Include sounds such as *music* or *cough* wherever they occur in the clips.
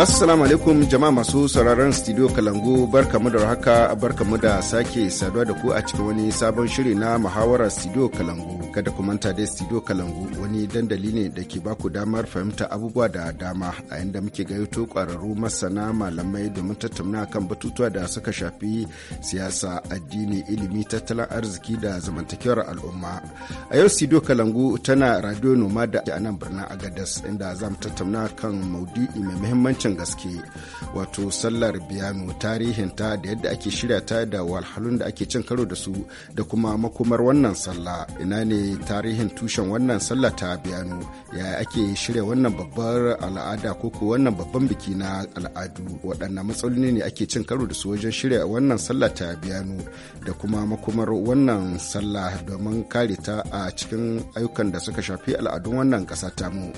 Assalamu alaikum jama'a masu sauraron studio Kalangu barkamu da haka barkamu da sake saduwa da ku a cikin wani sabon shiri na muhawarar studio Kalangu kada ku manta dai studio Kalangu wani dandali ne da ke baku damar fahimta abubuwa da dama a inda muke gayyato kwararru masana malamai domin tattauna kan batutuwa da suka shafi siyasa addini ilimi tattalin arziki da zamantakewar al'umma a yau studio Kalangu tana radio noma da a nan birnin Agadas inda za mu tattauna kan maudu'i mai muhimmancin muhimmancin gaske wato sallar biyano tarihin ta da yadda ake shirya ta da walhalun da ake cin karo da su da kuma makomar wannan sallah ina ne tarihin tushen wannan sallah ta biyano ya ake shirya wannan babbar al'ada ko ko wannan babban biki na al'adu waɗanne matsaloli ne ake cin karo da su wajen shirya wannan sallah ta biyano da kuma makomar wannan sallah domin kare ta a cikin ayyukan da suka shafi al'adun wannan ƙasa tamu. mu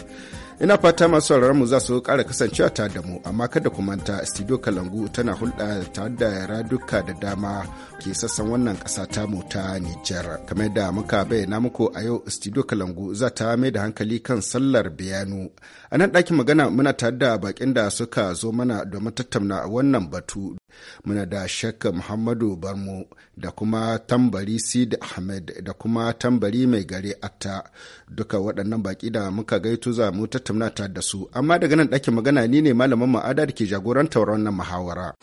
ina fata masu mu za su ƙara kasancewa ta da mu amma kada ku manta studio kalangu tana hulɗa ta da duka da dama ke sassan wannan ƙasa mu ta nijar kamar da muka bayyana muku a yau studio kalangu za ta mai da hankali kan sallar biyanu a nan ɗakin magana muna tare da bakin da suka zo mana domin tattauna wannan batu muna da shakka muhammadu barmu da kuma tambari sid ahmed da kuma tambari mai gari atta duka waɗannan baƙi da muka gaito za mu tattauna da su amma daga nan ɗakin magana ni ne malamin ma'ada da ke jagorantar wannan muhawara.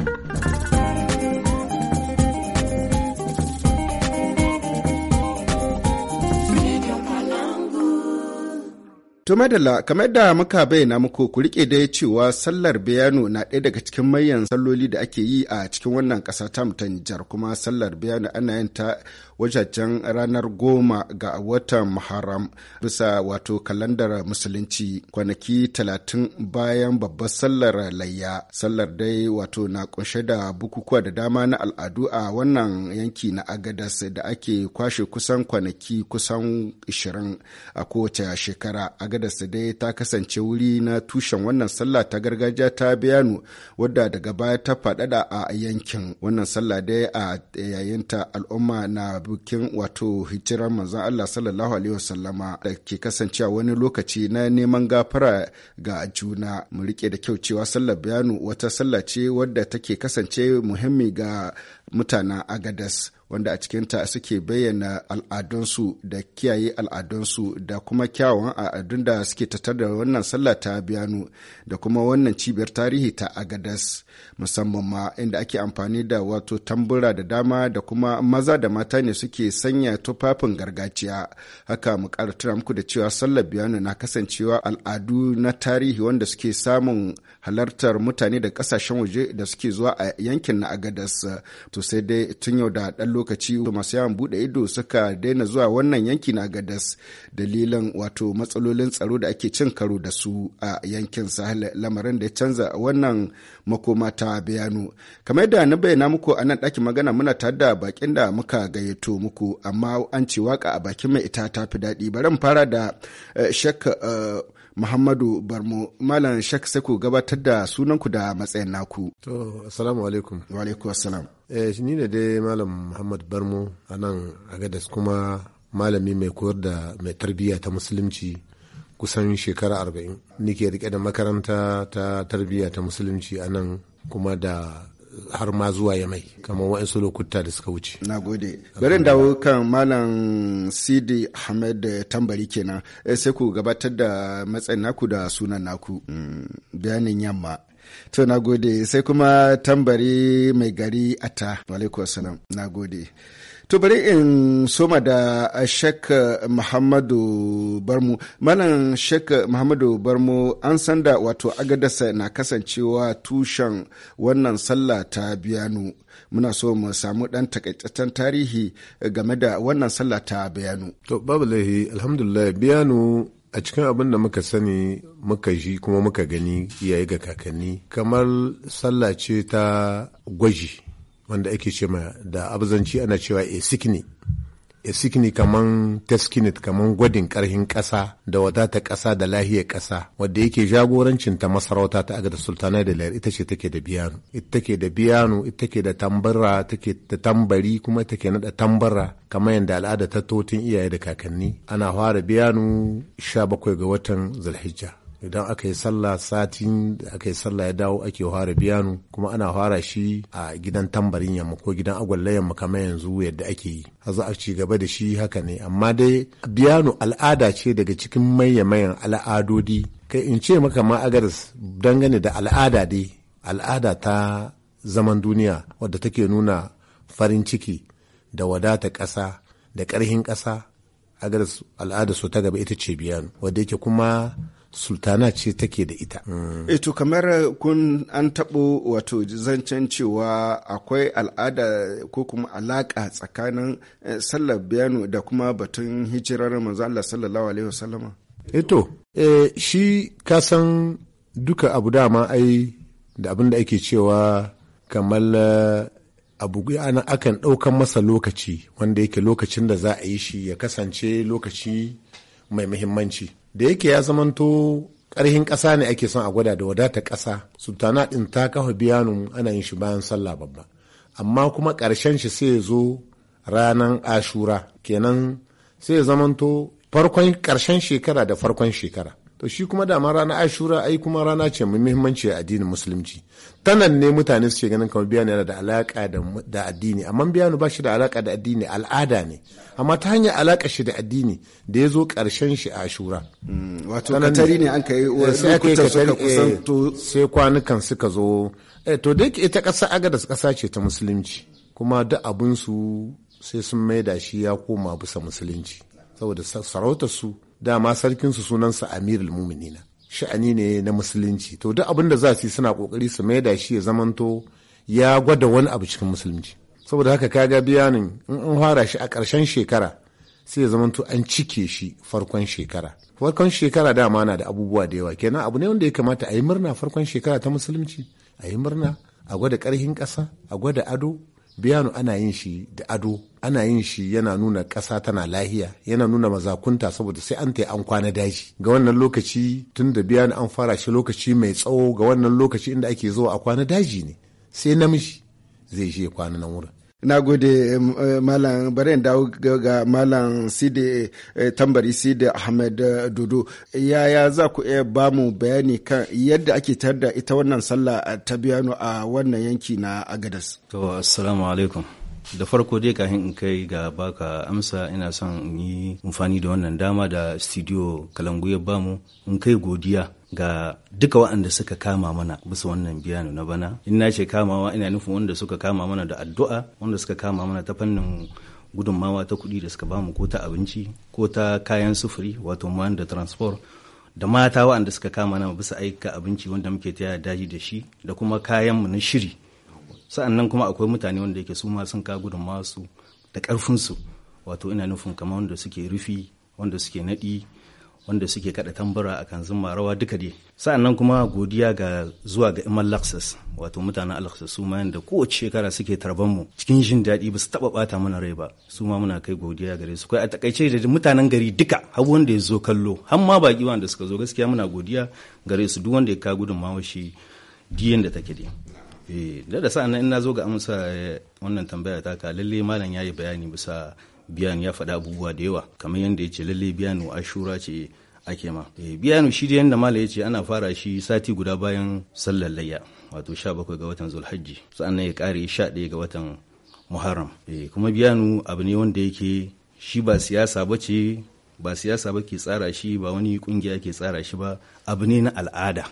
To madalla kamar da muka bayyana muku ku rike dai cewa sallar biyano na ɗaya daga cikin manyan salloli da ake yi a cikin wannan ƙasa ta ta Nijar kuma sallar biyano ana yin ta wajajen ranar goma ga watan Muharram bisa wato kalandar musulunci kwanaki talatin bayan babbar sallar layya. Sallar dai wato na kunshe da bukukuwa da dama na al'adu a wannan yanki na Agadas da ake kwashe kusan kwanaki kusan 20 a kowace shekara. Agadas dai ta kasance wuri na tushen wannan sallah ta gargajiya ta biyanu wadda daga baya ta faɗaɗa a yankin wannan sallah dai a yayinta al'umma na bikin wato hijirar manzon Allah sallallahu alaihi wasallama da ke kasancewa wani lokaci na neman gafara ga juna mu rike da kyau cewa sallar bayanu wata sallah ce wadda take kasance muhimmi ga mutanen agadas wanda a cikinta suke bayyana al'adunsu da kiyaye al'adunsu da kuma kyawun al'adun da suke tattar da wannan sallah ta biyanu da kuma wannan cibiyar tarihi ta agadas musamman ma inda ake amfani da wato tambura da dama da kuma maza da mata ne suke sanya tufafin gargajiya haka mu ƙara muku da cewa sallar biyanu na kasancewa al'adu na tarihi wanda suke samun halartar mutane da kasashen waje da suke zuwa a yankin na agadas to sai dai tun yau da dan lokaci masu yawan bude ido suka daina zuwa wannan yanki na agadas dalilin wato matsalolin tsaro da ake cin karo da su a yankin sahel lamarin da ya canza wannan makoma ta bayanu kamar yadda na bayyana muku a nan ɗakin magana muna tare da bakin da muka gayyato muku amma an ce waka a bakin mai ita ta fi daɗi bari fara da eh, shakka Muhammadu Barmo Malam Shak sai ku gabatar da sunanku da matsayin naku. To, assalamu alaikum. Wa alaikum assalam. Eh, ni ne dai Malam Muhammad Barmo a nan Agadas kuma malami mai koyar da mai tarbiyya ta musulunci kusan shekara arba'in. Nike rike da makaranta ta tarbiyya ta musulunci a nan kuma da har ma zuwa yamai kamar wa'insu lokuta da suka wuce na gode bari dawo kan malam sidi ahmed tambari kenan eh, sai ku gabatar da matsayin naku da sunan naku mm, bayanin yamma to na gode sai kuma tambari mai gari ata wa na gode to bari in soma da shek muhammadu barmu malam shek muhammadu barmu an san da wato agadasa na kasancewa tushen wannan sallah ta biyanu muna so mu samu dan takaitaccen tarihi game da wannan sallah ta biyanu to babu lahi alhamdulillah biyanu a cikin abin da muka sani muka ji kuma muka gani yayi ga kakanni kamar sallah ce ta gwaji wanda ake ce ma da abuzanci ana cewa a sikini a sikini kaman teskinit kaman gwadin karhin ƙasa da wadata ƙasa da lahiyar ƙasa wadda yake jagorancin ta masarauta ta agada sultana da lair ita ce take da biyanu ita take da biyanu ita take da tambara take da tambari kuma take nada tambara kamar yadda al'ada ta totin iyaye da kakanni ana fara biyanu 17 ga watan zulhijja idan aka yi sallah satin da aka yi sallah ya dawo ake fara biyanu kuma ana fara shi a gidan tambarin yamma ko gidan agwalle yamma kamar yanzu yadda ake yi har za a ci gaba da shi haka ne amma dai biyanu al'ada ce daga cikin mayan al'adodi kai in ce maka ma agaris dangane da al'ada dai al'ada ta zaman duniya wadda take nuna farin ciki da wadata ƙasa da ƙarhin ƙasa agaris al'ada so ta gaba ita ce biyanu wadda yake kuma sultana ce take da ita. Eto eh, kamar kun an taɓo wato zancen cewa akwai al'ada ko kuma alaƙa tsakanin eh, sallar biyano da kuma batun hijirar manzo Allah sallallahu alaihi wasallama. Eto eh, shi shi san duka abu dama ai da abin da ake cewa kamar abu ana akan ɗaukan masa lokaci wanda yake lokacin da za a yi shi ya kasance lokaci mai muhimmanci. da yake ya zamanto ƙarhin ƙasa ne ake son a gwada da wadata ƙasa sultana ɗin ta kafa biyanun ana yin shi bayan sallah babba amma kuma ƙarshen shi sai ya zo ranar ashura kenan sai ya zamanto farkon ƙarshen shekara da farkon shekara to shi kuma dama rana ashura ai kuma rana ce mai muhimmanci a addinin musulunci tanan ne mutane suke ganin kamar biyanu yana da alaka da addini amma biyanu ba shi da alaka da addini al'ada ne amma ta hanyar alaka shi da addini da ya zo karshen shi a ashura mm, wato katari ne an kai eh, eh, sai kwanukan suka zo eh, to da ita aga da kasa ce ta musulunci kuma duk su sai sun maida shi ya koma bisa musulunci saboda sarautar su dama sarkin sarkinsu sunansa amirul muminina sha'ani ne na musulunci to duk abin da za su yi suna kokari su maida shi ya zamanto ya gwada wani abu cikin musulunci saboda haka kaga biyanin in an fara shi a karshen shekara sai ya zamanto an cike shi farkon shekara farkon shekara dama na da abubuwa da yawa kenan abu ne wanda ya kamata a yi murna farkon shekara ta musulunci a yi murna a gwada ƙarhin ƙasa a gwada ado biyanu ana yin shi da ado ana yin shi yana nuna ƙasa tana lahiya yana nuna mazakunta saboda sai an ta an kwana daji ga wannan lokaci tun da biyan an fara shi lokaci mai tsawo ga wannan lokaci inda ake zuwa a kwana daji ne sai namiji zai je kwana nan wurin na gode eh, malam bari in dawo ga malam sidi eh, tambari sidi ahmed eh, dodo yaya za ku iya ba mu bayani kan yadda ake tar da ita wannan sallah ta biyano a wannan yanki na agadas to assalamu alaikum da farko dai kafin in kai ga baka amsa ina son in yi amfani da wannan dama da studio kalangu ya bamu in kai godiya ga duka waɗanda suka kama mana bisa wannan biyano na bana in na ce kamawa ina nufin wanda suka kama mana da addu'a wanda suka kama mana ta fannin gudunmawa ta kuɗi da suka bamu ko ta abinci ko ta kayan sufuri wato man da transport da mata waɗanda suka kama mana bisa aika abinci wanda muke taya daji da shi da kuma kayanmu na shiri sa'an nan kuma akwai mutane wanda yake su ma sun ka gudun su da karfin su wato ina nufin kamar wanda suke rufi wanda suke nadi wanda suke kaɗa tambara a kan zuma rawa duka dai sa'an nan kuma godiya ga zuwa ga imal laxus wato mutanen alaxus su ma yanda kowace shekara suke tarban mu cikin jin daɗi ba su taɓa ɓata mana rai ba su ma muna kai godiya gare su kai a takaice da mutanen gari duka har wanda ya zo kallo har ma baki wanda suka zo gaskiya muna godiya gare su duk wanda ya ka gudun shi diyan da take dai eh da da sa'an na zo ga amsa eh, wannan tambaya ta ka lalle malam ya yi bayani bisa biyan ya faɗa abubuwa da yawa kamar yadda ya ce lalle biyanu ashura ce ake ma eh, biyanu shi da yadda malam ya ce ana fara shi sati guda bayan sallar layya wato 17 ga watan zulhajji sa'annan ya kare 11 ga watan muharram eh, kuma biyanu abu ne wanda yake shi ba siyasa ba ce ba siyasa ba ke tsara shi ba wani kungiya ke tsara shi ba abu ne na al'ada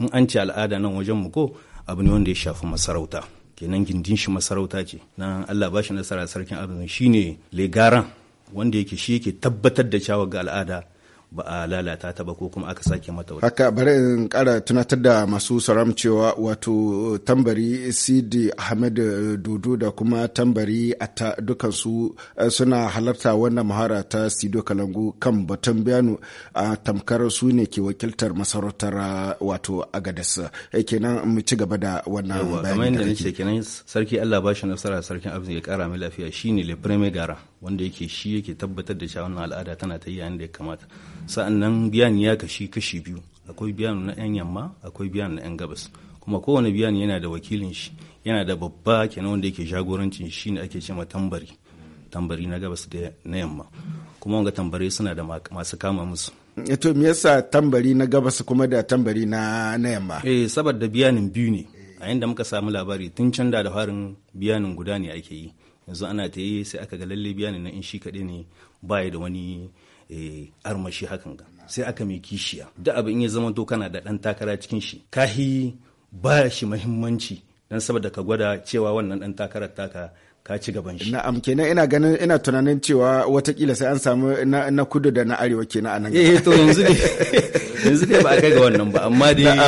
in an ci al'ada nan wajen mu ko abu ne wanda ya shafi masarauta kenan gindin shi masarauta ce nan Allah bashi shi nasara sarkin abin shine legaran wanda yake shi yake tabbatar da cewa ga al'ada ba a lalata ta ba ko kuma aka sake mata wata. Haka bari in kara tunatar da masu saram cewa wato tambari Sidi Ahmed dudu da kuma tambari Atta dukansu eh, suna halarta wannan muhara ta Sido Kalangu kan batun biyanu a tamkar su ne ke wakiltar masarautar eh, wato Agadas. Eh, kenan mu ci gaba da wannan bayani. Kamar yadda nace kenan sarki Allah bashi nasara sarkin Abdul ya kara mai lafiya shine Le Premier Gara. wanda yake shi yake tabbatar da cewa al'ada tana ta yi yayin da ya kamata sa'annan biyan ya kashi kashi biyu akwai biyan na yan yamma akwai biyan na yan gabas kuma kowane biyan yana da wakilin shi yana da babba kenan wanda yake jagorancin shi ne ake cewa tambari tambari na gabas da na yamma kuma wanga tambari suna da masu kama musu eh, to me yasa tambari na gabas kuma da tambari na na yamma eh saboda biyanin biyu ne a yanda muka samu labari tun can da da farin biyanin guda ne ake yi yanzu ana ta yi sai aka ga lalle biya ne na in shi kaɗai ne baya da wani eh, armashi hakan ga sai aka mai kishiya da abin in ya zama to kana da ɗan takara cikin shi kahi ba shi mahimmanci dan saboda ka gwada cewa wannan ɗan takarar taka ka ci gaban shi. Na'am kenan ina ganin ina tunanin cewa watakila sai an samu na, kudu da na arewa kenan a nan. Eh to yanzu ne *laughs* yanzu ne ba a kai ga wannan ba amma dai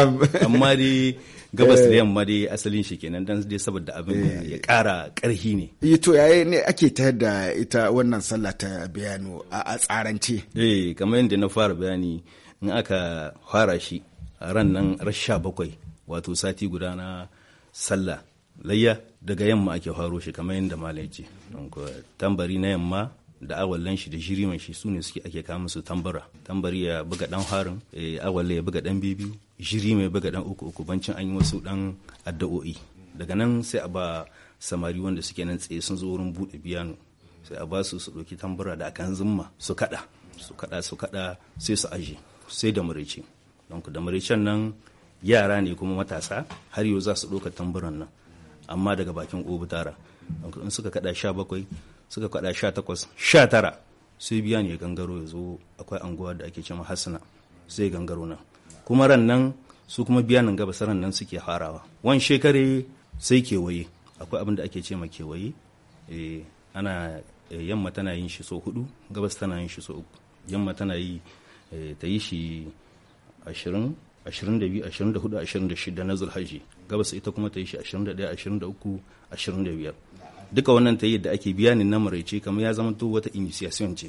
amma dai gabas da eh. yamma dai asalin shi kenan dan dai saboda abin ya eh. kara karhi ne yi eh, to ne ake ta da ita wannan sallah ta bayano a tsarance eh kamar yadda na fara bayani in aka fara shi a ran nan rasha bakwai wato sati guda na sallah layya daga yamma ake faro shi kamar yadda malam ce tambari na yamma da awallan shi da jiriman shi sune suke ake kawo musu tambara tambari ya buga dan harin eh, awalle ya buga dan bibiyu shiri mai buga dan uku uku bancin an yi wasu dan addu'o'i daga nan sai a ba samari wanda suke nan tsaye sun zo wurin bude biyano sai a ba su su ɗauki tambara da akan zumma su kaɗa su kaɗa su kaɗa sai su aje sai da murici don da muricen nan yara ne kuma matasa har yau za su ɗauka tamburan nan amma daga bakin obutara in suka kada sha bakwai suka kada 18 19 sai biya ne gangaro ya zo akwai anguwa da ake cewa hasana sai gangaro nan kuma ran nan su kuma biya nan gaba ran nan suke harawa wani shekare sai kewaye akwai abin da ake ce ma kewaye eh, ana eh, yamma tana yin shi so hudu gabas tana yin shi so uku yamma tana yi eh, ta yi shi ashirin 22 24 26 na zulhaji gabas ita kuma ta yi shi 21 23 25 duka wannan ta da ake biya ni na maraice kamar ya zama to wata initiation ce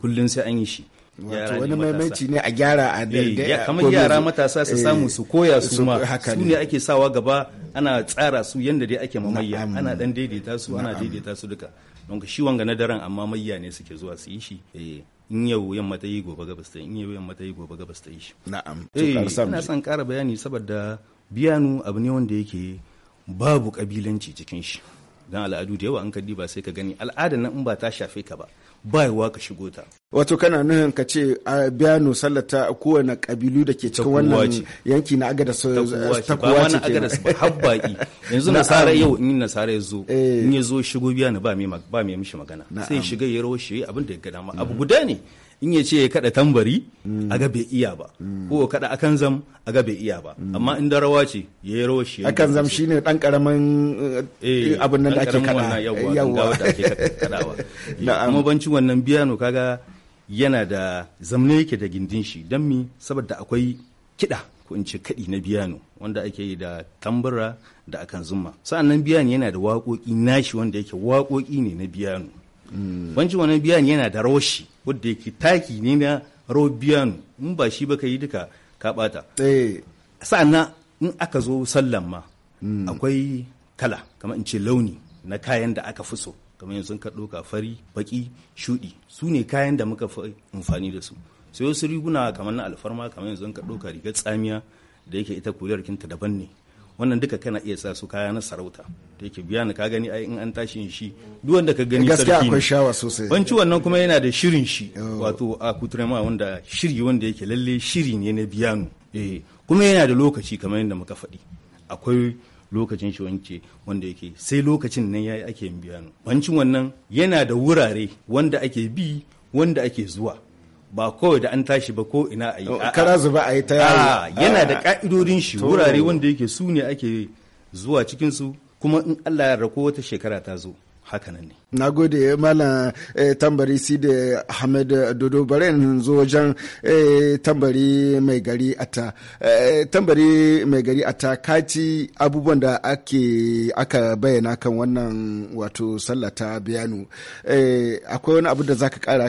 kullum sai an yi shi wato wani maimaici ne a gyara a daidai eh, kamar yara matasa su samu eh, su koya su ma su ne ake sawa gaba ana tsara su yadda dai ake mamayya ana dan daidaita su ana daidaita su duka don shi wanga na daren amma mayya ne suke zuwa su yi shi eh, in yau yamma ta yi gobe gabas ta in yau yamma ta yi gobe gabas ta yi shi na'am ina son ƙara bayani saboda biyanu abu ne wanda yake babu kabilanci cikin shi don al'adu da yawa an ka diba sai ka gani al'ada nan in ba ta shafe ka ba ba wa ka shigo ta wato kana nuhin ka ce a biya no sallata kowane kabilu da ke cikin wannan yanki na agada su eh, ta kuwa ce ba agada su ba habbaki *laughs* yanzu nasara yau in nasara ya zo eh. in ya zo shigo biya na ba mai ba mai mishi magana sai shiga ya rawo shi abin da ya gada ma abu guda ne in ya ce ya kada tambari mm. a ga bai iya ba mm. ko kada akan zam a ga bai iya ba mm. amma in da rawa ce ya yi rawa shi akan zam shine dan karamin eh, eh, abin nan eh, da ake kada yawa da ake kadawa *laughs* amma bancin wannan biyano kaga yana da zamne yake da gindin shi dan mi saboda akwai kiɗa ko in ce kaɗi na biyano wanda ake yi da tambura da akan zumma sa'annan biyano yana da waƙoƙi nashi wanda yake waƙoƙi ne na biyano wancin wannan biyan yana da roshi wadda yake taki ne na robiyan in ba shi ba ka yi duka ka bata eh. na in aka zo sallan ma mm. akwai kala kamar in ce launi na kayan da aka fi so kamar yanzu ka ɗauka fari baki shuɗi su ne kayan da muka fi amfani da su sai wasu riguna kamar na alfarma kamar yanzu ka ɗauka rigar tsamiya da yake ita kinta daban ne wannan duka kana iya sa su kaya na sarauta da yake biya ni ka gani ai in an tashi shi duk wanda ka gani sarki gaskiya akwai shawa sosai banci wannan kuma yana da shirin shi oh. wato a kuturema wanda shiri wanda yake lalle shiri ne na biyanu eh kuma yana da lokaci kamar yadda muka faɗi akwai lokacin shi wance wanda yake sai lokacin nan yayi ake biyanu bancin wannan yana da wurare wanda ake bi wanda ake zuwa ba kawai da an tashi ba ko ina a yi oh, kara zuba a yi ta yana da ka'idodin shi wurare wanda yake su ne ake zuwa cikin su kuma in Allah ya rako wata shekara ta zo hakanan ne na gode malam eh, tambari da ahmed dodo bare in zo wajen eh, tambari mai gari ata eh, tambari mai gari ata kaci abubuwan da ake aka bayyana kan wannan wato sallah ta biyanu akwai wani abu da za ka kara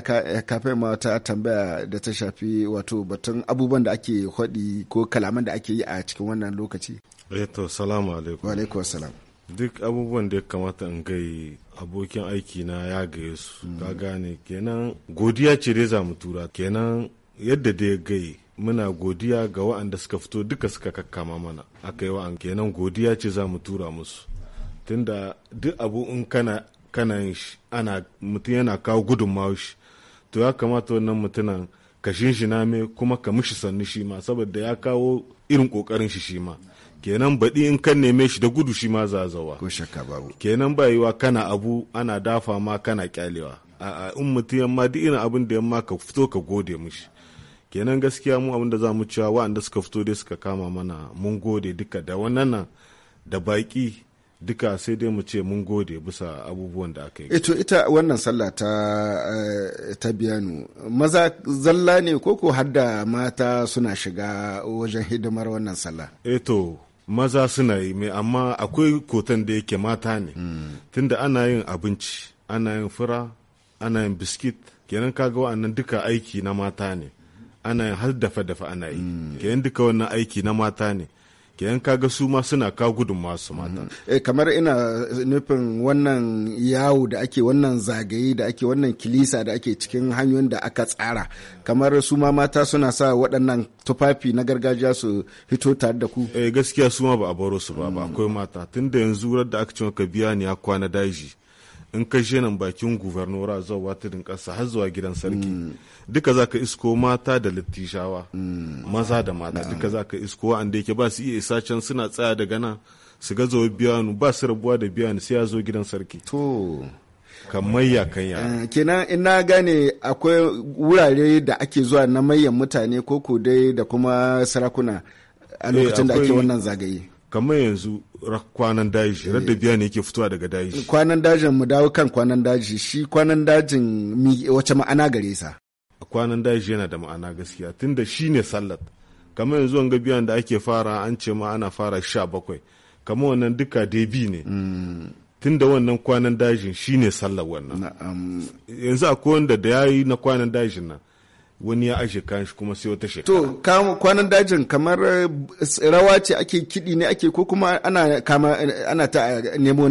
kafin ma ta tambaya da ta shafi wato batun abubuwan da ake hodi ko kalaman da ake yi a cikin wannan lokaci eto salamu alaikum wa alaikum salam duk abubuwan da ya kamata in gai abokin aiki na ya gaye su mm. ka gane kenan godiya ce dai za mu tura kenan yadda da ya muna godiya ga wa'anda suka fito duka suka kakkama mana aka yi wa'an kenan godiya ce za mu tura musu tunda duk abu in kana kana shi ana mutum yana kawo gudunmawa shi to ya kamata wannan mutumin ka na me kuma ka mishi sannu shi ma saboda ya kawo irin kokarin shi shi ma kenan baɗi in kan neme shi da gudu shi ma zazawa ko shakka kenan ba yiwa kana abu ana dafa ma kana kyalewa a in mutum yamma duk irin abin da yamma ka fito ka gode mishi kenan gaskiya mu abin da za mu cewa wa'anda suka fito dai suka kama mana mun gode duka da wannan da baƙi duka sai dai mu ce mun gode bisa abubuwan da aka yi. Ito eh ita wannan sallah ta eh, ta biyanu maza zalla ne koko ko hadda mata suna shiga wajen hidimar wannan sallah. Eto eh maza suna yi mai amma akwai koton da yake mata ne tunda ana yin abinci ana yin fura ana yin biskit kenan kaga wa'annan duka aiki na mata ne ana yin har dafa-dafa ana yi mm. kenan duka wannan aiki na mata ne kenan kaga su ma suna ka gudun masu mata mm-hmm. eh kamar ina nufin wannan yawo da ake wannan zagaye da ake wannan kilisa da ake cikin hanyoyin da aka tsara kamar su ma mata suna sa waɗannan tufafi na gargajiya su hito tare da ku eh gaskiya su ma ba a baro su ba ba akwai mata tunda yanzu da aka ce ka biya ni ya kwana daji in ka je nan bakin gubernora zuwa tudun ƙasa har zuwa gidan sarki mm. duka za ka isko mata da littijawa mm. maza da mata duka za ka isko wa'anda yake ba su iya isa can suna tsaya da gana su ga zo biyanu ba su rabuwa da biyanu sai ya zo gidan sarki to mayya ya kanya eh, kenan ina gane akwai wurare da ake zuwa na mayan mutane ko dai da kuma sarakuna a eh, lokacin da ake wannan zagaye kamar yanzu kwanan daji eh. radda biya ne yake fitowa daga daji kwanan dajin mu dawo kan kwanan daji shi kwanan dajin wace ma'ana gare sa kwanan daji yana da ma'ana gaskiya tunda shi ne sallat kamar yanzu wanga biyan da ake fara an ce ma ana fara sha bakwai kamar wannan duka debi ne hmm. tunda wannan kwanan dajin shi ne sallar wannan yanzu akwai wanda da yayi na kwanan dajin nan wani ya aje kayan shi kuma sai wata shekara. To kwanan dajin kamar eh, rawa ce ake kiɗi ne ake ko kuma ana ta eh, nemo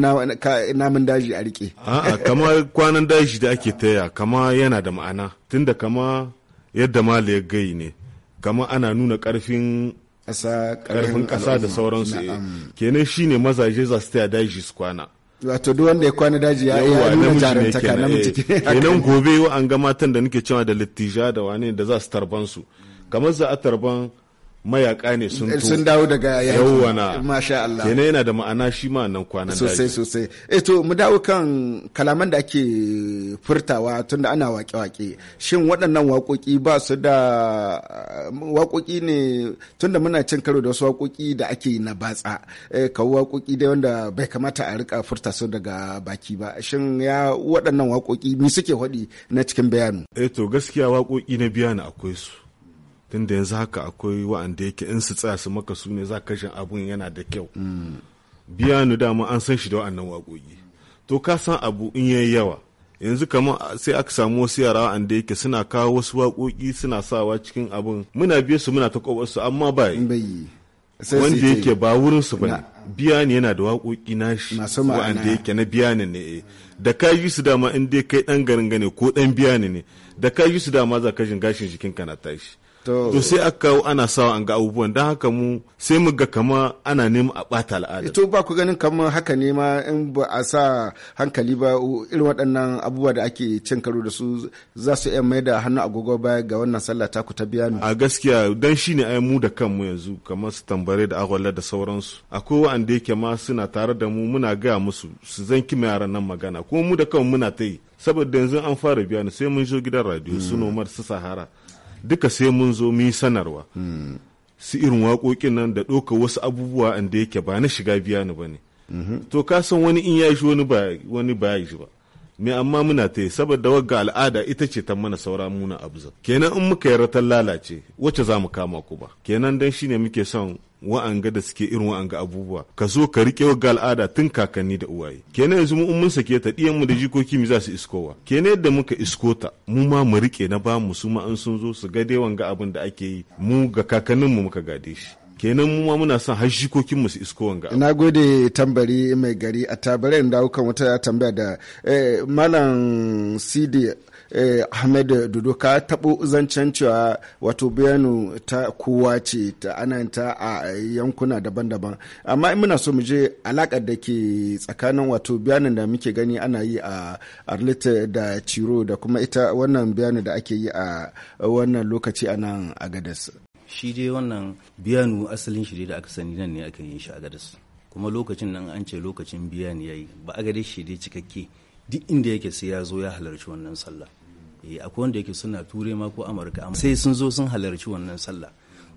namun daji a rike. A'a kama kwanan daji da ake taya kama yana da ma'ana tunda kama yadda mali ya gai ne kama ana nuna ƙarfin ƙasa da sauransu eh. kenan ne mazaje za su taya daji su kwana. wato duk wanda ya kwana daji ya yi a nuna jarantaka namiji eh. ke kenan gobe an ga matan da nake cewa da littija da wane da za su tarban su kamar za a tarban mayaka ne sun sun dawo daga yawana masha Allah kenan yana da ma'ana shi ma nan kwanan sosai sosai eh to mu dawo kan kalaman da ake furtawa tunda ana waƙe-waƙe shin waɗannan waƙoƙi ba su da waƙoƙi ne tunda muna cin karo da wasu waƙoƙi da ake na batsa eh kawo waƙoƙi dai wanda bai kamata a rika furta su daga baki ba shin ya waɗannan waƙoƙi mi suke hodi na cikin bayanu eh to gaskiya waƙoƙi na biyana akwai su tunda yanzu haka akwai wa'anda yake in su tsaya su maka su ne za ka kashin abun yana da kyau biya ni dama an san shi da wa'annan waƙoƙi to ka san abu in ya yi yawa yanzu kamar sai aka samu wasu yara wa'anda yake suna kawo wasu waƙoƙi suna sawa cikin abun muna biye su muna ta su amma ba wanda yake ba wurin su ba biya ne yana da waƙoƙi shi wa'anda yake na biya ne ne eh. da ka yi su dama in dai kai dan garin gane ko dan biya ne ne da ka yi su dama za ka jin gashin jikin kana tashi to sai aka kawo ana sawa an ga abubuwan don haka mu sai mu ga kama ana neman a bata al'ada to ba ku ganin kama haka ne ma in ba a sa hankali ba irin waɗannan abubuwa da ake cin karo da su za su iya mai da hannu agogo baya ga wannan sallah ta ku ta biya a gaskiya dan shine ai mu da kanmu yanzu kamar su tambare da agwala da sauransu akwai wa'anda yake ma suna tare da mu muna gaya musu su zan mai yaran nan magana kuma mu da kanmu muna ta yi saboda yanzu an fara biya ni sai mun zo gidan radio su nomar su sahara duka sai mun zo mun sanarwa su irin waƙoƙin nan da ɗauka wasu abubuwa inda yake ba na shiga biya ni ba ne to ka san wani in ya shi wani ba ya shi ba me amma muna ta yi saboda wagga al'ada ita ce ta mana saura muna abuza kenan in muka yi ratan lalace wacce za mu kama ku ba. kenan dan shine muke son wa'anga da suke irin wa'anga abubuwa ka zo ka riƙe ga al'ada tun kakanni da uwaye kenan yanzu mu mun sake ta ɗiyan mu da jikoki mu za su iskowa kenan yadda muka isko ta mu ma mu riƙe na ba mu su ma an sun zo su ga dai wanga abin da ake yi mu ga kakannin mu muka gade shi kenan mu ma muna son har jikokin mu su isko wanga na gode tambari mai gari a tabarin da kan wata tambaya da eh, malam sidi eh, ahmed dudu ka taɓo zancen cewa wato biyanu ta kowa ce ta ananta a yankuna daban-daban amma in muna so mu je alaƙar da ke tsakanin wato biyanin da muke gani ana yi a arlita da ciro da kuma ita wannan biyanu da ake yi a wannan lokaci a nan gadas shi dai wannan biyanu asalin shi da aka sani nan ne aka yi shi a gadas kuma lokacin nan an ce lokacin biyan yayi ba agadas shi dai cikakke duk inda yake sai ya zo ya halarci wannan sallah eh, akwai wanda yake suna ture ma ko amurka sai sun zo sun halarci wannan sallah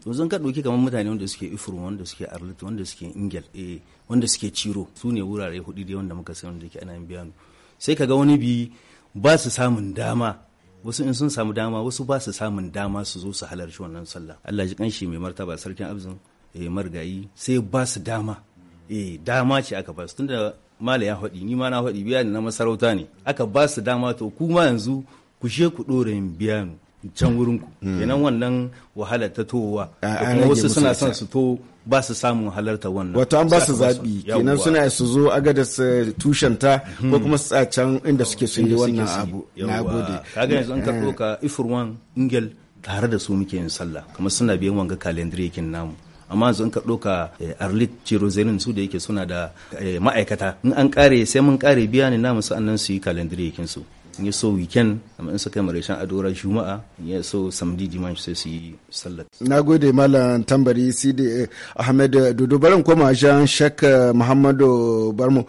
to zan ka ɗauki kamar mutane wanda suke ifirun wanda suke arlit wanda suke ingel eh, wanda suke ciro su ne wurare hudu da wanda muka sani da ke ana biyanu sai kaga wani bi ba su samun dama wasu in sun samu dama wasu ba su samun dama su zo su halarci wannan sallah Allah ji kanshi mai martaba sarkin abzin eh margayi sai ba su dama eh dama ce aka ba su tunda mala ya haɗi ni ma na haɗi ni na masarauta ne aka ba su dama to ma yanzu ku she ku ɗora yin ni can wurin ku hmm. kenan wannan wahala ta towa kuma wasu suna son su to ba su samun halarta wannan wato an ba su zaɓi kenan suna su zo agada su eh, tushenta ko hmm. kuma su can inda suke su yi wannan abu na gode kaga yanzu an karɓo eh. ka ifurwan ingel tare da su muke yin sallah kamar suna biyan wanga yakin namu amma yanzu in ka ɗauka eh, arlit cirozenin su da yake suna da eh, ma'aikata in an ƙare sai mun ƙare biya ne namu sa'annan su yi yakin su in so weekend amma in suka shan adoran juma'a in so samdi diman sai su yi sallat na gode malam tambari sidi eh, ahmed eh, dodo baran koma jan shek eh, muhammadu barmo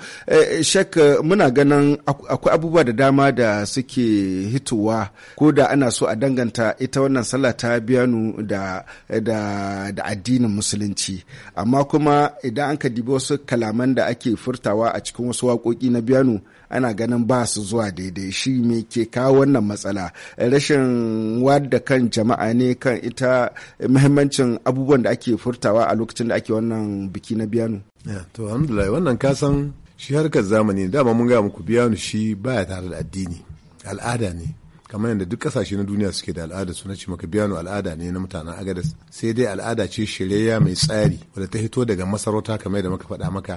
shek muna ganin akwai abubuwa da dama da suke hitowa ko da ana so a danganta ita wannan sallah ta biyanu da da da addinin musulunci amma kuma idan an ka dibi wasu kalaman da ake furtawa a cikin wasu waƙoƙi na biyanu ana ganin ba su zuwa daidai shi me ke kawo wannan matsala rashin wadda kan jama'a ne kan ita muhimmancin abubuwan da ake furtawa a lokacin da ake wannan biki na biyanu to alhamdulillah wannan kasan shi harkar zamani dama mun gaya muku biyanu shi baya tare da addini al'ada ne kamar yadda duk kasashe na duniya suke da al'ada suna ce maka biyano al'ada ne na mutanen agadas sai dai al'ada ce shirya mai tsari wadda ta hito daga masarauta kamar yadda muka faɗa maka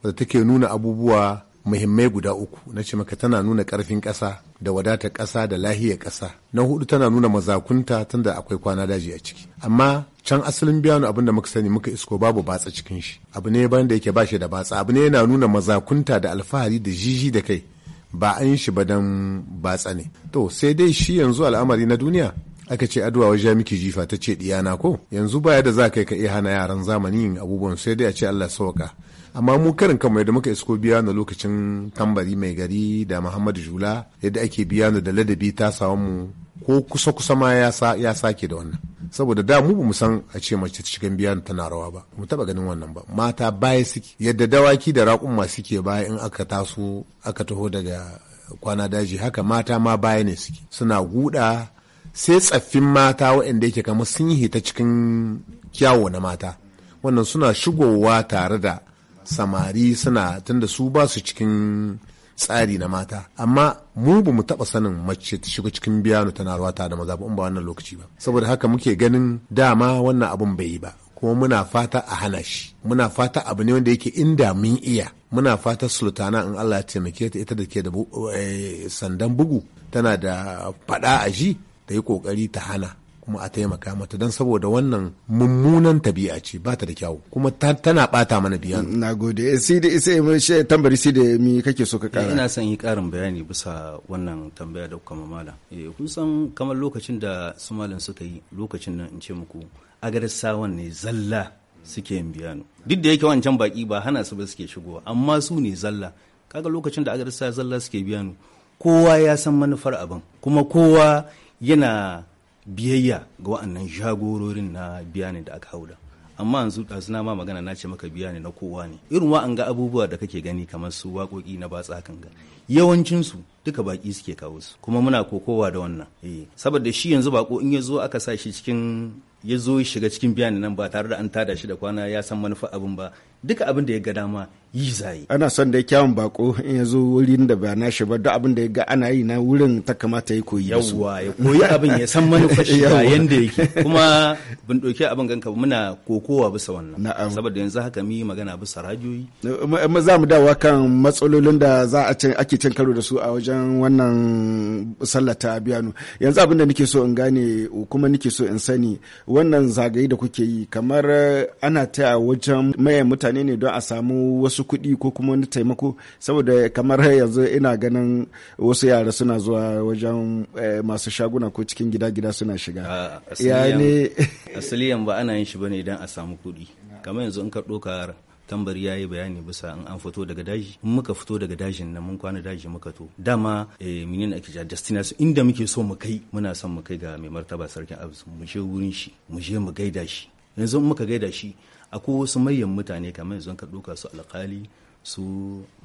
wadda take nuna abubuwa muhimmai guda uku na ce maka tana nuna karfin kasa da wadatar ƙasa da lahiyar kasa na hudu tana nuna mazakunta tunda akwai kwana daji a ciki amma can asalin abin abinda muka sani muka isko babu batsa cikin shi abu ne ban da yake ba shi da batsa abu ne yana nuna mazakunta da alfahari da jiji da kai ba an shi ba dan batsa ne to sai dai shi yanzu al'amari na duniya aka ce aduwa wajen miki jifa ta ce diyana ko yanzu baya da za ka ka iya hana yaran zamani abubuwan sai dai a ce Allah sauka amma mu karin kanmu yadda muka isko biya na lokacin tambari mai gari da muhammadu jula yadda ake biya da ladabi ta samu mu ko kusa kusa ma ya sake da wannan saboda da mu bamu san a ce mace cikin biya tana rawa ba mu taba ganin wannan ba mata baya suke yadda dawaki da raƙumma suke baya in aka taso aka taho daga kwana daji haka mata ma baya ne suke suna guda sai tsaffin mata waɗanda yake kama sun yi ta cikin kyawo na mata wannan suna shigowa tare da samari suna tunda su ba su cikin tsari na mata amma mu ba mu taba sanin mace ta shiga cikin biyano tana ta da maza ba in ba wannan lokaci ba saboda haka muke ganin dama wannan abun bai yi ba kuma muna fata a hana shi muna fata abu ne wanda yake inda mun iya muna fata sultana in Allah ya taimake ta ita da ke da eh, sandan bugu tana da fada a ji ta yi kokari ta hana kuma a taimaka mata don saboda wannan mummunan tabi'a ce ba ta da kyawu kuma tana bata mana biya na gode eh, sai da eh, sai mun shi tambari sai da mi kake so ka kara eh, ina son yi karin bayani bisa wannan tambaya da kuma malam eh kun san kamar lokacin da su malam suka yi lokacin nan in ce muku agarsawan ne zalla suke yin biyano duk da yake wancan baki ba hana su ba suke shigowa amma su ne zalla kaga lokacin da agarsa zalla suke biyano kowa ya san manufar abin kuma kowa yana biyayya ga wa'annan jagororin na biya ne da aka hau da amma yanzu suna ma magana na ce maka biya ne na kowa ne irin wa'an ga abubuwa da kake gani kamar su waƙoƙi na batsa kan ga yawancinsu duka baƙi suke kawo su kuma muna kokowa da wannan eh saboda shi yanzu baƙo in ya zo aka sa shi cikin ya zo shiga cikin biyanin nan ba tare da an tada shi da kwana ya san manufa abin ba duka abin da ya ga dama yi zai ana son da kyawun bako in ya zo wurin da ba na shi ba duk abin da ya ga ana yi na wurin ta kamata ya koyi da su ya koyi abin ya san manufar shi ba yanda yake kuma bin doki abin ganka muna kokowa bisa wannan saboda yanzu haka mi magana bisa rajoyi amma za mu dawo kan matsalolin da za a ce ake cin karo da su a wajen wannan sallar ta biyanu yanzu abin da nake so in gane kuma nake so in sani wannan zagaye da kuke yi kamar ana ta wajen maye mutane ne don a samu wasu kuɗi ko kuma wani taimako saboda kamar yanzu ina ganin wasu yara suna zuwa wajen eh, masu shaguna ko cikin gida-gida suna shiga Asali *laughs* ba ana yin shi bane idan a samu kuɗi kamar yanzu in ka ɗoka tambari ya yi bayani bisa in an fito daga daji in muka fito daga dajin nan mun kwana daji muka to dama eh, menene ake ja destination inda muke so mu kai muna son mu kai ga mai martaba sarkin abis mu je wurin shi mu je mu gaida shi yanzu muka gaida shi akwai wasu mayan mutane kamar yanzu ka ɗauka su alkali su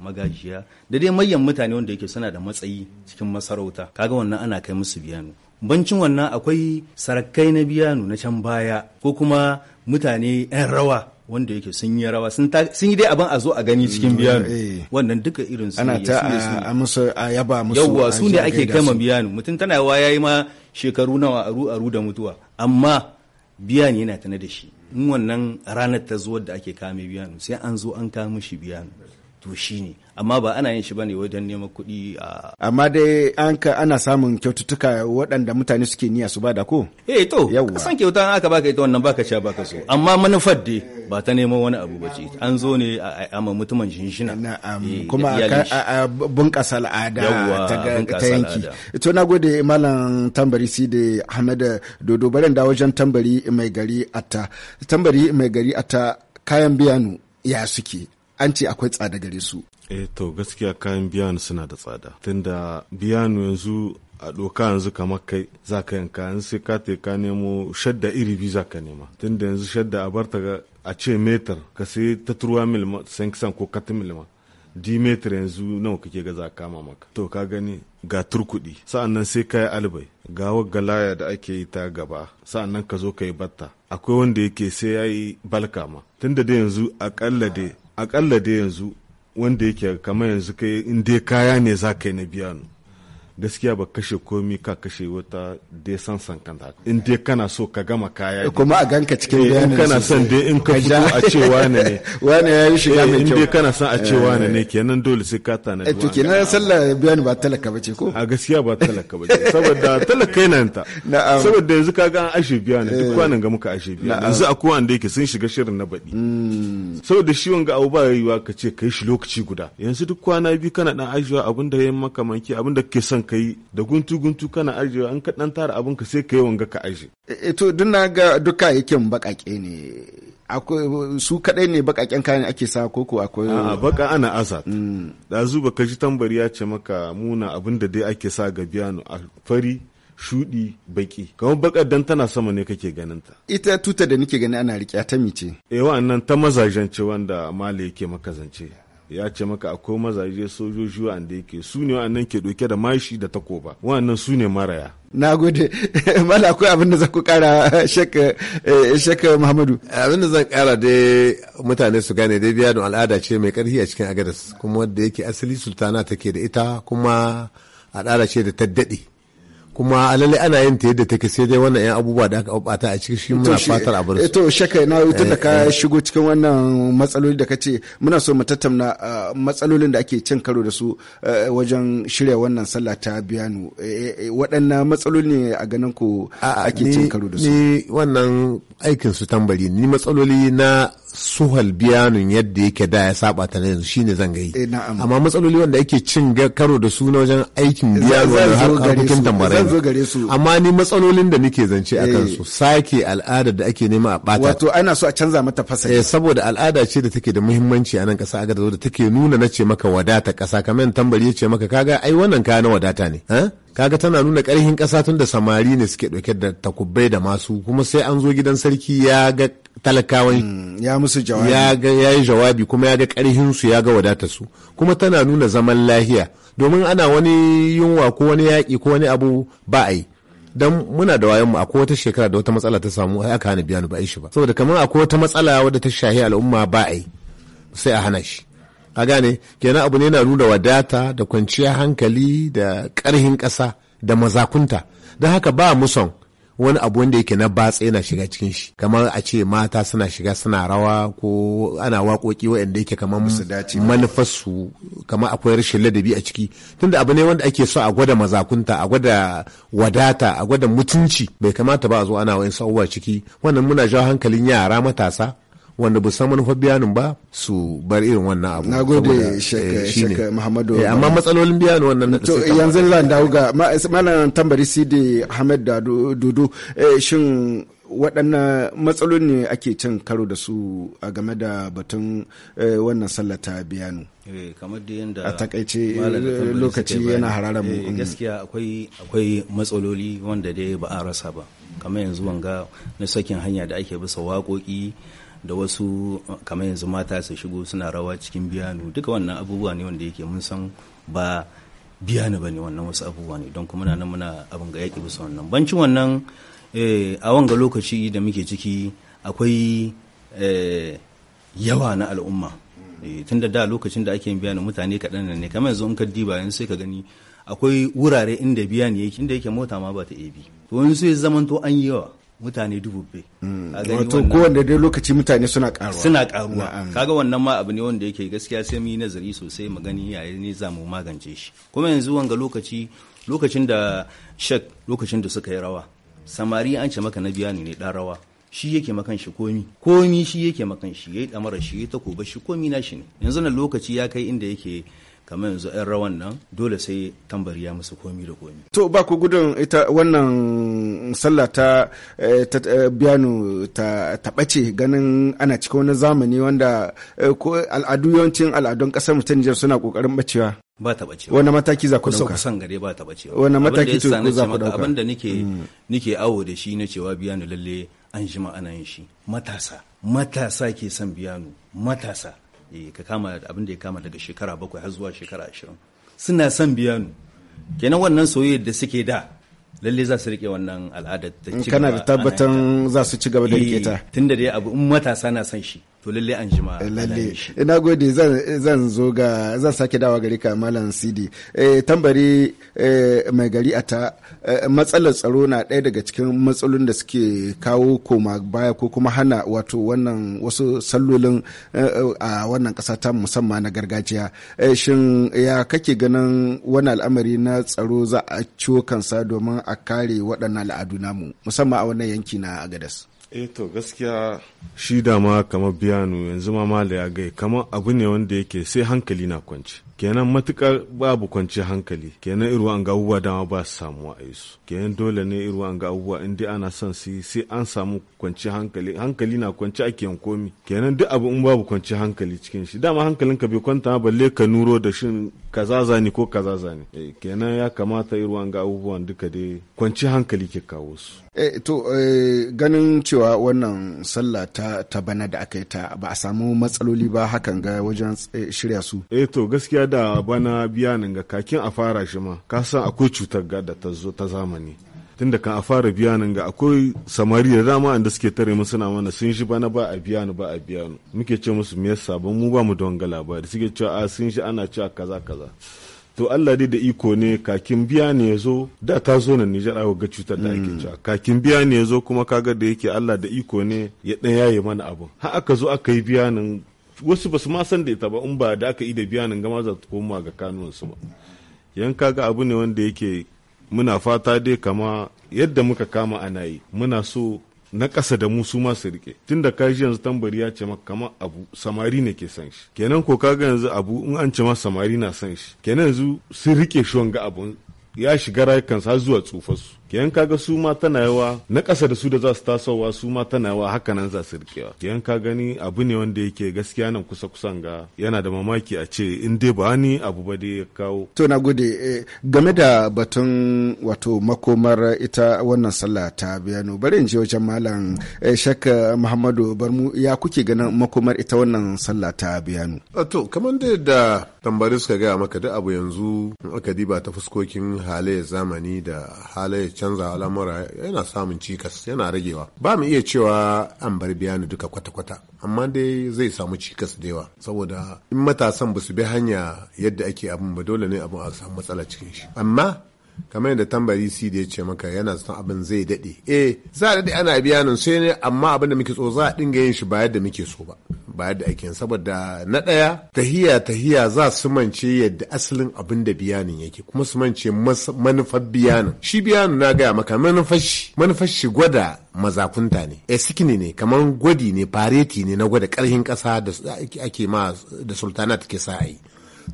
magajiya da dai mayan mutane wanda yake suna da matsayi cikin masarauta kaga wannan ana kai musu biyanu bancin wannan akwai sarakai na biyanu na can baya ko kuma mutane 'yan rawa wanda yake sun yi rawa sun yi dai abin a zo a gani cikin mm, biyanu eh. wannan duka irin suna ana ta a musu a yaba musu yawwa su ne ake kama biyanu mutum tana yawa yi ma shekaru nawa aru aru da mutuwa amma biya ne yana tana da shi in wannan ranar ta zo da ake kame biya sai an zo an kama shi biya to shi ne amma ba ana yin shi ne wajen neman kuɗi a amma dai an ka ana samun kyaututtuka waɗanda mutane suke niyya su da ko eh to kasan kyauta aka baka ita wannan baka sha baka so amma manufar dai ba ta neman wani abu ce an zo ne a ma mutumin shinshina eh, kuma a bunƙasa al'ada ta yanki to na gode malam tambari si da Ahmed Dodo barin da wajen tambari mai gari atta tambari mai gari atta kayan biyanu ya suke an ce akwai tsada gare su eh to gaskiya kayan biyan suna da tsada tunda biyan yanzu a doka yanzu kamar kai za ka yanka yanzu sai ka te ka nemo shadda iri biyu za ka nema tunda yanzu shadda a barta a ce metar ka sai ta turuwa milima sankisan ko katin di metar yanzu nawa kake ga za kama maka to ka gani ga turkuɗi sa'annan sai ka yi albai ga galaya da ake yi ta gaba sa'annan ka zo ka yi batta akwai wanda yake sai ya yi balka ma tunda da yanzu akalla da akalla da yanzu wanda yake kamar yanzu kai in dai kaya ne za ka yi na biyano gaskiya ba kashe komi ka kashe wata dai san kanta. in dai kana so ka gama kaya eh, kuma a ganka cikin eh, bayanin ne. kana son dai in ka fito a ce wane ne *laughs* wane ya yi shiga eh, mai kyau in kana son a ce wane ne kenan dole sai ka tana to kenan sallah bayani ba talaka bace ko a gaskiya ba talaka bace saboda talaka yana ta saboda yanzu ka ga an ashe biya ne duk kwanan ga muka ashe biya yanzu akwai wanda yake sun shiga shirin na baɗi hmm. saboda shi wanga abu ba yiwa ka ce kai shi lokaci guda yanzu duk kwana biyu kana dan ajiyewa abinda ya maka manki abinda kake son ka yi da guntu-guntu kana ajiyewa an ka ɗan tara abin ka sai ka yi wanga ka ajiye. Eh, eh, to duna ga duka yakin baƙaƙe ne su kaɗai ne baƙaƙen kayan ake sa koko akwai a baka ana azat mm. ɗazu ba ka ji tambari ya ce maka muna abin da dai ake sa ga biyano a fari shudi baki kamar bakar dan tana sama ne kake ganin ta ita tuta da nake gani ana riƙe ta mice eh wa'annan ta mazajen ce wanda mali yake maka zance ya ce maka akwai mazaje sojoji wanda yake su ne wa'annan ke doke da mashi da takoba wa'annan su ne maraya na gode *laughs* mala akwai abin da zaku kara shakka muhammadu abin da zan kara dai mutane su gane dai biya don al'ada ce mai karfi a cikin agadas kuma wadda yake asali sultana take da ita kuma al'ada ce da ta daɗe kuma lalle ana yin ta yadda take sai dai wannan yan abubuwa da aka bata a cikin shi muna fatar a bar su eh, to shaka na wuta da ka eh, eh. shigo cikin wannan matsaloli da kace muna so mu tattauna ah, matsalolin da ake cin karo da su wajen shirya wannan sallah ta biyanu waɗannan matsaloli ne a ganin ku ake cin karo da su ni wannan aikin su tambari ni matsaloli na suhal biyanin yadda yake da ya saba ta yanzu shine zan gai eh, amma matsaloli wanda yake cin karo da su na wajen aikin biyanu da harkokin tambarai amma ni matsalolin da nake zance a eh. kansu sake al'adar da ake nema a bata wato ana so a canza mata fasali eh, saboda al'ada ce da take da muhimmanci a nan kasa a da take nuna na ce maka wadata kasa kamar tambari ya ce maka kaga ai wannan kaya na wadata ne kaga tana nuna karhin kasa tun da samari ne suke dauke da takubbai da masu kuma sai an zo gidan sarki ya ga talakawai mm, ya musu jawabi ya yi jawabi kuma ya ga karhin su ya ga wadatar su kuma tana nuna zaman lahiya domin ana wani yunwa ko wani yaƙi ko wani abu ba a yi dan muna da wayan a akwai wata shekara da wata matsala ta samu ai aka hana biyanu ba a yi shi ba saboda kamar akwai wata matsala wadda ta shahi al'umma ba a yi sai a hana shi a gane kenan abu ne na nuna wadata da kwanciyar hankali da karhin ƙasa da mazakunta don haka ba mu son. wani abu wanda yake na batsa yana shiga cikin shi kamar a ce mata suna shiga suna rawa ko ana waƙoƙi wa'anda yake kamar manufarsu kamar akwai rashin ladabi a ciki tunda abu ne wanda ake so a gwada mazakunta a gwada wadata a gwada mutunci bai kamata ba a zo ana wa'in sa'uwa ciki wannan muna jawo hankalin yara matasa wanda bu samu manufar biyanin ba su bar irin wannan abu na gode shek eh, muhammadu eh, amma matsalolin biyanin wannan na to yanzu zan dawo ga malam tambari sidi ahmed da dudu eh, shin waɗannan matsaloli ne ake cin karo da su a game da batun wannan sallata biyanu kamar da yadda a takaice lokaci yana harara mu gaskiya akwai akwai matsaloli wanda dai ba a rasa ba kamar yanzu wanga na sakin hanya da ake bisa waƙoƙi da wasu uh, kamar yanzu mata su shigo suna rawa cikin biyanu duka wannan abubuwa ne wanda yake mun san ba biyanu ba ne wannan wasu abubuwa ne don kuma nan muna abin ga yaƙi bisa wannan bancin wannan eh, a wanga lokaci da muke ciki akwai eh, yawa na al'umma eh, tun da da lokacin da ake yin biyanu mutane kaɗan ne kamar yanzu in ka diba yanzu sai ka gani akwai wurare inda biyani yake inda yake mota ma ba ta ebi to wani sai zamanto an yi yawa mutane dubu be hmm. wato kowanne dai lokaci mutane suna karuwa suna karuwa kaga wannan ma abu ne wanda yake gaskiya sai mu yi nazari sosai mu gani yaya ne za mu magance shi kuma yanzu wanga lokaci lokacin da shek lokacin da suka yi rawa samari an ce maka na biya ne dan rawa shi yake makan shi komi komi shi yake makan shi yayi damara shi ta koba shi komi na shi ne yanzu na lokaci ya kai inda yake kamar yanzu ɗan rawan nan dole sai tambari ya musu komi da komi. To ba ku gudun ita wannan sallah ta eh, eh, biyanu ta ɓace ganin ana cika wani zamani wanda eh, al'adu yawancin al'adun ƙasar mutum Nijar suna ƙoƙarin ɓacewa. Ba ta ɓacewa. Wani mataki za ku ɗauka? Kusan gare ba ta ɓacewa. Wani mataki za ku ɗauka? Abin da nike hmm. awo da shi na cewa biyanu lalle an jima ana yin shi. Matasa. Matasa ke son biyanu. Matasa. Eh, ka kama abin da ya kama daga shekara bakwai har zuwa shekara ashirin suna son biyanu kenan wannan soyayyar da suke da lalle za su rike wannan al'adar ta ci kana da tabbatan za su ci gaba da rike ta eh, tunda dai abu in matasa na son shi to lalle an jima eh, lalle ina eh, gode zan zo ga zan sake dawa gari ka malam sidi eh, tambari mai gari a ta matsalar tsaro na ɗaya daga cikin matsalolin da suke kawo koma baya ko kuma hana wato wannan wasu sallolin a wannan ƙasa ta musamman na gargajiya shin ya kake ganin wani al'amari na tsaro za a ciwo domin a kare waɗannan al'adu namu musamman a wannan yanki na agadas eh to gaskiya shi dama kamar biyanu yanzu ma mala ya gai kamar abu ne wanda yake sai hankali na kwanci kenan matukar babu kwanci hankali kenan irin ga abubuwa dama ba su samuwa a yi su kenan dole ne irin ga abubuwa in ana son su sai an samu kwanci hankali hankali na kwanci ake yan komi kenan duk abu in babu kwanci hankali cikin shi dama hankalin ka bai kwanta balle ka nuro da shin kazaza ne ko kazaza ne eh, kenan ya kamata irin ga abubuwan duka dai kwanci hankali ke kawo su eh to eh, ganin cewa wannan sallah ta ta bana da aka yi ta ba a samu matsaloli ba hakan ga wajen eh, shirya su eh to gaskiya da bana biya nan ga kakin a fara shi ma ka san akwai cutar gada ta zo ta zamani tunda kan a fara biya nan ga akwai samari da dama da suke tare mu suna mana sun shi bana ba a biya ni ba a biya ni muke ce musu me yasa ban mu ba mu dongala ba labari suke cewa a ah, sun shi ana cewa kaza kaza to Allah dai da iko ne kakin biya ne ya zo da ta zo nan Nijar a ga cutar da ake mm. cewa kakin biya ne ya zo kuma kaga da yake Allah da iko ne ya dan yaye mana abu. har aka zo aka yi biya nan wasu ba su ma san da ita ba in ba da aka yi da biyanin gama za ta koma ga kanuwansu ba yan kaga abu ne wanda yake muna fata dai kama yadda muka kama ana yi muna so na ƙasa da mu su ma su rike tun da kaji yanzu tambari ya ce maka kama abu samari ne ke san shi kenan ko kaga yanzu abu in an ce ma samari na san shi kenan yanzu sun rike shi wanga abun ya shiga rayukansa zuwa tsufarsu kiyan kaga su ma tana yawa na ƙasa da su da za su tasowa su ma tana yawa haka nan za su rikewa kiyan ka gani abu ne wanda yake gaskiya nan kusa kusan ga yana da mamaki a ce in dai ba ni abu ba dai ya kawo to na gode eh, game da batun wato makomar ita wannan sallah ta biyano bari in je wajen malam eh, shakka muhammadu barmu ya kuke ganin makomar ita wannan sallah ta biyano to kamar da da tambari suka gaya maka duk abu yanzu aka diba ta fuskokin halaye zamani da halaye canza al'amura yana samun cikas yana ragewa ba mu iya cewa an bar biya ni duka kwata-kwata amma dai zai samu cikas da yawa saboda in matasan ba su bi hanya yadda ake abin ba dole ne abin a samu matsala cikin shi amma kamar yadda tambari si da ya ce maka yana son abin zai daɗe eh za a daɗe ana biya nan sai ne amma abin da muke so za a dinga yin shi ba yadda muke so ba ba yadda ake saboda na ɗaya tahiya tahiya za su mance yadda asalin abin da biyanin yake kuma su mance manufar biyanin shi biyanin na gaya maka manufar shi gwada mazakunta ne e sikini ne kamar gwadi ne fareti ne na gwada karhin ƙasa da ake ma da sultana take sa a yi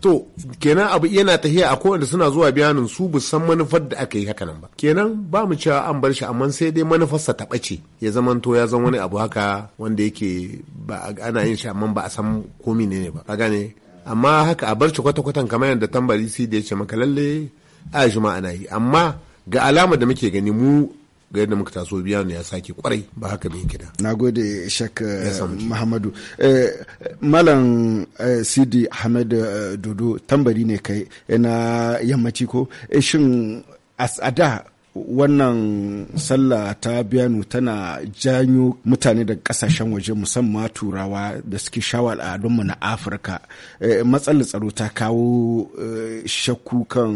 to kenan abu yana tahiya a kowanne suna zuwa bayanin su bu san manufar da aka yi haka nan ba kenan ba mu cewa an bar shi amma sai dai manufarsa ta bace ya zaman to ya zama wani abu haka wanda yake ba ana yin shi amma ba a san komi ne ba ka gane amma haka a bar shi kwata-kwatan kamar yadda tambari sai da ya ce maka lalle a ma ana yi amma ga alama da muke gani mu ga yadda muka taso biya ne ya sake kwarai ba haka ne gida na gode shak muhammadu eh, malam eh, sidi ahmed eh, dodo tambari ne kai na yammaci ko shin a da wannan sallah ta biyanu tana janyo mutane daga kasashen waje musamman turawa da suke shawa al'adunmu na afirka matsalar tsaro ta kawo shakku kan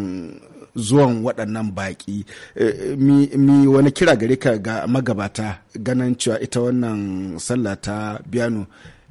zuwan waɗannan baƙi eh, eh, mi wani kira gare ka ga magabata ganin cewa ita wannan sallah ta biyano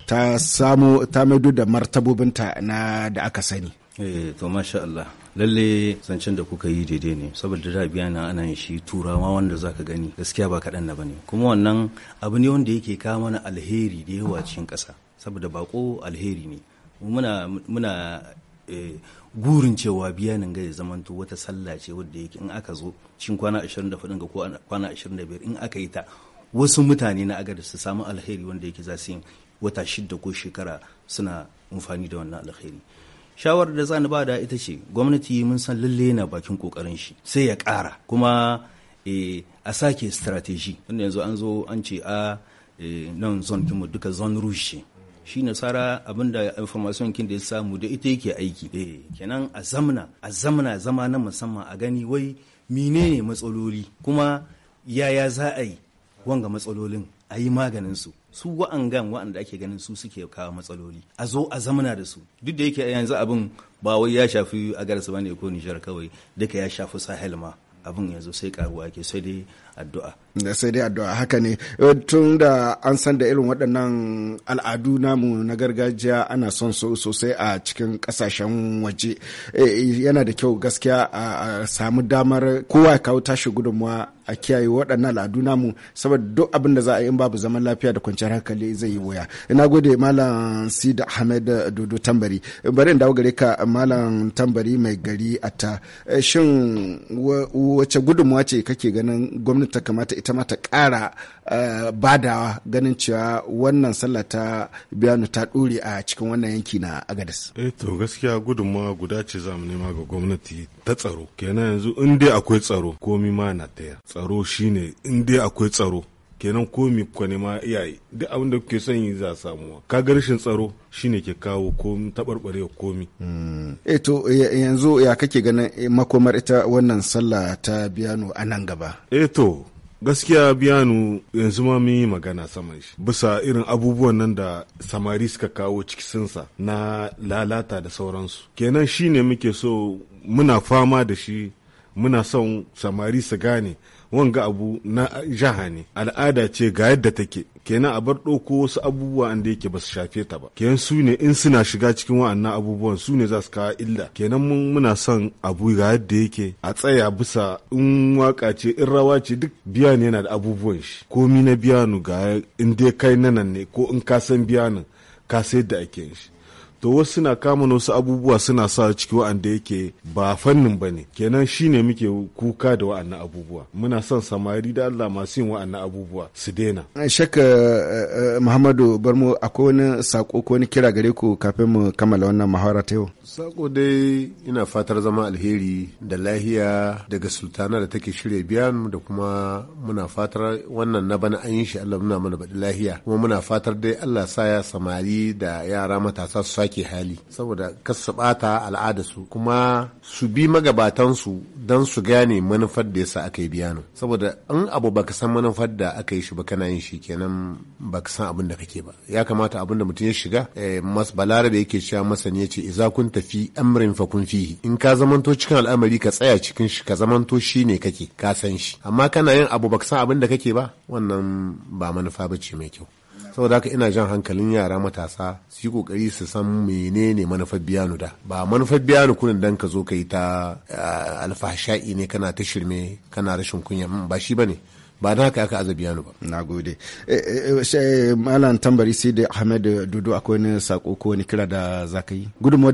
ta samu ta maido da martabobinta na da aka sani eh, to masha Allah lalle zancen da kuka yi daidai ne saboda da biya ana shi turawa wanda zaka gani gaskiya ba kaɗan na bane kuma wannan abu ne wanda yake kawo mana alheri da yawa cikin ƙasa saboda bako alheri ne muna Eh, gurin cewa biya nan ga ya zamanto wata sallah ce wadda yake in aka zo cikin kwana 24 ga kwana 25 in aka yi ta wasu mutane na agar su samu alheri wanda yake za su yi wata shidda ko shekara suna amfani da wannan alheri shawarar da zani ba da ita ce gwamnati mun san lalle yana bakin kokarin shi sai ya kara kuma eh, a sake strategy Wanda yanzu an zo an ce a ah, eh, nan zon kuma duka zon rushe shi nasara abinda information kin da ya samu da ita yake aiki eh kenan a zamna a zamna zama na musamman a gani wai menene matsaloli kuma yaya za a yi wanga matsalolin a yi maganin su su wa'angan wa'anda ake ganin su suke kawo matsaloli a zo a zamana da su duk da yake yanzu abin ba wai ya shafi a agarsu bane ko Nijar kawai duka ya shafi Sahel ma abin yanzu sai karuwa ke sai dai addu'a da sai dai addu'a haka ne eh, tun da an san da irin waɗannan al'adu namu na gargajiya ana son so sosai a cikin ƙasashen waje eh, yana da kyau gaskiya a samu damar kowa ya kawo tashi gudunmuwa a kiyaye waɗannan al'adu namu saboda duk abin da za a yi in babu zaman lafiya da kwanciyar hankali zai yi wuya ina gode malam sida ahmed dodo tambari bari in dawo gare ka malam tambari mai gari ta eh, shin wace gudunmuwa ce kake ganin gwamnati ta kamata ita ma ta ƙara eh, badawa ganin cewa wannan sallah ta biyanu ta ɗore a cikin wannan yanki na agadas. eh to gaskiya gudunmawa guda ce za mu nema ga gwamnati ta tsaro kenan yanzu in dai akwai tsaro komi ma na taya tsaro shine in dai akwai tsaro kenan komi ku ma iyaye duk abin da kuke son yi za samuwa ka ga rashin tsaro shine ke kawo komi taɓarɓare komi. Hmm. eh to yanzu ya kake ganin eh, makomar ita wannan sallah ta biyano a nan gaba. eh to gaskiya biyanu yanzu ma mun yi magana saman shi bisa irin abubuwan nan da samari suka kawo cikinsa na lalata da sauransu kenan shine muke so muna fama da shi muna son samari su gane wanga abu na jaha ne al'ada ce ga yadda take kenan a bar ɗauko wasu abubuwa da yake ba su shafe ta ba kenan su ne in suna shiga cikin wa'annan abubuwan su ne za su kawo illa kenan mun muna son abu ga yadda yake a tsaya bisa in waka ce in rawa ce duk biya ne yana da abubuwan shi ko mi na biyanu ga in dai kai nanan ne ko in ka san biyanin ka sai da ake shi to wasu suna kama wasu abubuwa suna sa ciki wa'anda yake ba fannin ba ne kenan shine muke kuka da wa'annan abubuwa muna son samari da Allah masu yin wa'annan abubuwa su daina shakka eh, eh, Muhammadu barmu akwai wani sako ko wani kira gare ku kafin mu kammala wannan muhawara ta yau sako dai ina fatar zama alheri da lahiya daga sultana da take shirya biyan da kuma muna fatar wannan na bana an yi shi Allah muna mana baɗi lahiya kuma muna fatar dai Allah sa ya samari da yara matasa su ake hali saboda kasu bata al'ada su kuma su bi magabatan su don su gane manufar da yasa aka yi biyanu saboda in abu baka san manufar da aka yi shi ba kana yin shi kenan baka san abin da kake ba ya kamata abin da mutum ya shiga eh, mas balarabe yake cewa masani ya ce iza kun tafi amrin fa kun fihi in ka zamanto cikin al'amari ka tsaya cikin shi ka zamanto shi ne kake ka san shi amma kana yin abu baka san abin da kake ba wannan ba manufa ba ce mai kyau saboda haka ina jan hankalin yara matasa su yi kokari su san menene manufar biyanu da ba manufar biyanu kunin dan ka zo ka yi ta eh, alfasha'i ne kana ta shirme kana rashin kunya mm, ba shi bane ba na haka aka aza biyanu ba na gode eh, eh, malam tambari sai da ahmed dudu akwai wani sako ko wani kira da za ka yi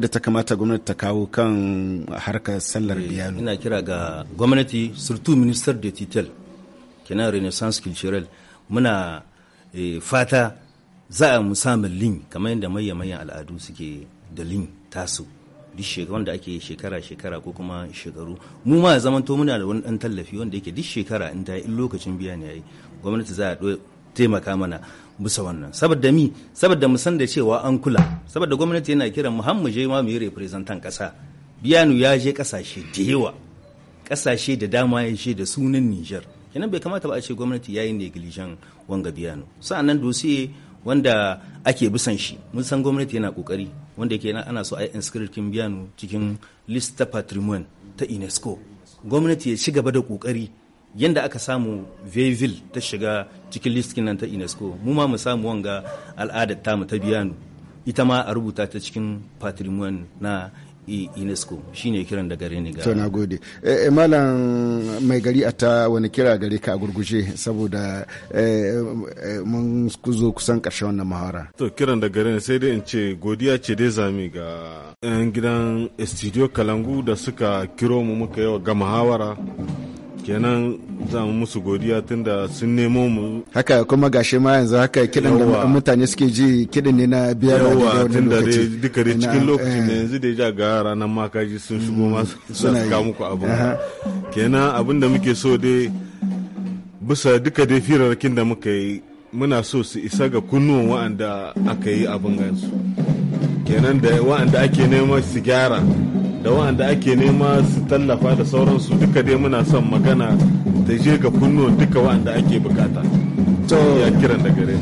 da ta kamata gwamnati ta kawo kan harkar sallar biyanu ina kira ga gwamnati surtout minister de titel kenan renaissance culturelle muna Eh, fata za a musamman lin kamar yadda mayyan al'adu suke da lin tasu duk shekara wanda ake shekara shekara ko kuma shekaru mu ma zaman to muna da wani dan tallafi wanda yake duk shekara in ta in lokacin biya ne yayi gwamnati za a taimaka mana bisa wannan saboda mi saboda mu san da cewa an kula saboda gwamnati yana kiran mu je ma mu yi representant kasa biyanu ya je kasashe da yawa kasashe da dama ya je da sunan Niger kenan bai kamata ba a ce gwamnati yayi neglijan wanga biyano sa'annan dosiye wanda ake bisan shi mun san gwamnati yana kokari wanda yake ana so a yi inscription biyano cikin list ta patrimoine ta UNESCO gwamnati ya ci gaba da kokari yanda aka samu vevil ta shiga cikin list nan ta UNESCO mu ma mu samu wanga al'adar mu ta biyano ita ma a rubuta ta cikin patrimoine na unesco shine kiran da gare ni ga Tona na gode eh, eh, malam mai gari a ta wani kira gare ka a gurguje saboda eh, eh, mun zo kusan karshen wannan muhawara to kiran da gare ni sai dai in ce godiya ce dai zami ga yan gidan studio kalangu da suka kiro mu muka wa ga muhawara kenan za mu musu godiya tunda sun nemo mu haka kuma gashi ma yanzu haka kidan da mutane suke ji kidan ne na biyar yawa tunda duka da cikin eh. lokaci ne yanzu da ja ga ranar makaji sun shigo mm, ma su ga muku abu kenan abin da muke so dai bisa duka dai firarkin da muka yi muna so su isa ga kunnuwan wa'anda aka yi abin gansu kenan da wa'anda ake neman su gyara da wanda ake nema su tallafa da sauransu duka dai muna son magana da je ga kunnuwan duka wanda ake bukata to ya kiran da gare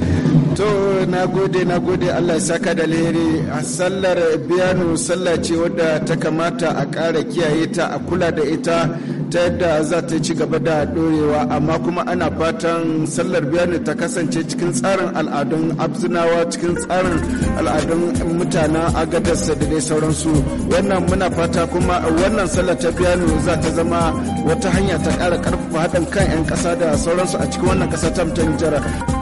to na gode na gode allah ya saka da alheri a sallar biyanu sallah ce wadda ta kamata a ƙara kiyaye ta a kula da ita ta yadda za ta ci gaba da dorewa amma kuma ana fatan sallar biyani ta kasance cikin tsarin al'adun abzinawa cikin tsarin al'adun mutanen agadar da dai sauransu wannan muna fata kuma wannan sallar ta biyani ne za ta zama wata hanya ta ƙara ƙarfafa haɗin kan 'yan ƙasa da sauransu a cikin wannan ƙasa ta mutane jara